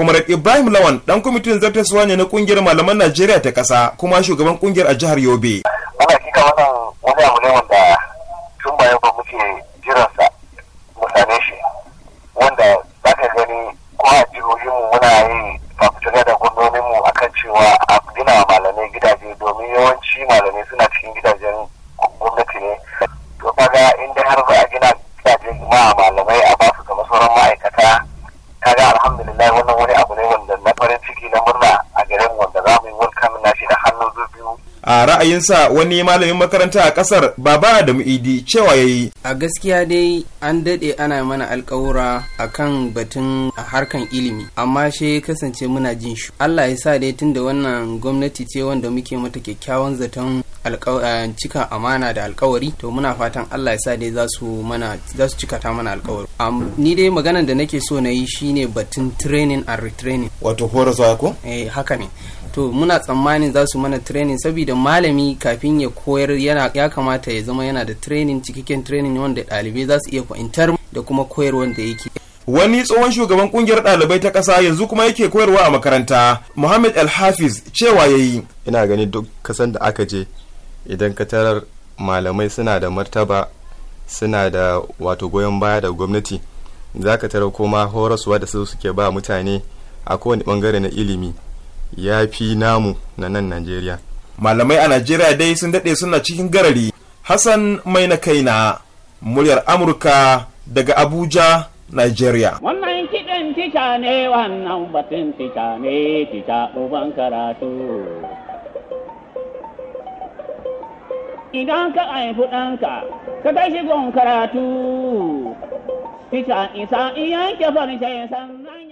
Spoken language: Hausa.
Comrade Ibrahim Lawan dan kwamitin zartaswa ne na kungiyar malaman Najeriya ta kasa kuma shugaban kungiyar a jihar Yobe. Ana kika wannan wani abu ne wanda tun bayan ba muke jiransa mu same shi wanda za ka gani ko a jihohinmu muna yi fafutuka da gwamnonin mu akan cewa a gina malamai gidaje domin yawanci malamai suna cikin gidajen gwamnati ne. To kaga inda har za a a ra'ayinsa wani malamin makaranta a kasar baba da mu'idi cewa ya yi a gaskiya dai an daɗe ana mana alkawura a kan batun a harkan ilimi amma shi kasance muna jin shi allah ya sa dai tunda wannan gwamnati ce wanda muke mata kyakkyawan zaton cika amana da alkawari to muna fatan allah ya sa dai za su mana za cikata mana alkawari ni dai maganan da nake so na yi shine batun training and retraining wato horaswa ko eh haka ne to muna tsammanin za su mana training saboda malami kafin ya koyar yana ya kamata ya zama yana da training cikakken training wanda ɗalibai za su iya fahimtar da kuma koyar wanda yake wani tsohon shugaban kungiyar dalibai ta kasa yanzu kuma yake koyarwa a makaranta muhammad alhafiz cewa ya yi ina gani duk kasan da aka je idan ka tarar malamai suna da martaba suna da wato goyon baya da gwamnati za ka tarar kuma horaswa da su suke ba mutane a kowane bangare na ilimi ya fi namu na nan najeriya malamai a najeriya dai sun daɗe suna cikin garari hassan mai na kaina muryar amurka daga abuja najeriya wannan kiɗin tica ne wannan batun tica ne tica uban karatu idan ka haifi ɗanka ka kai shi karatu tica isa iyanke farce sannan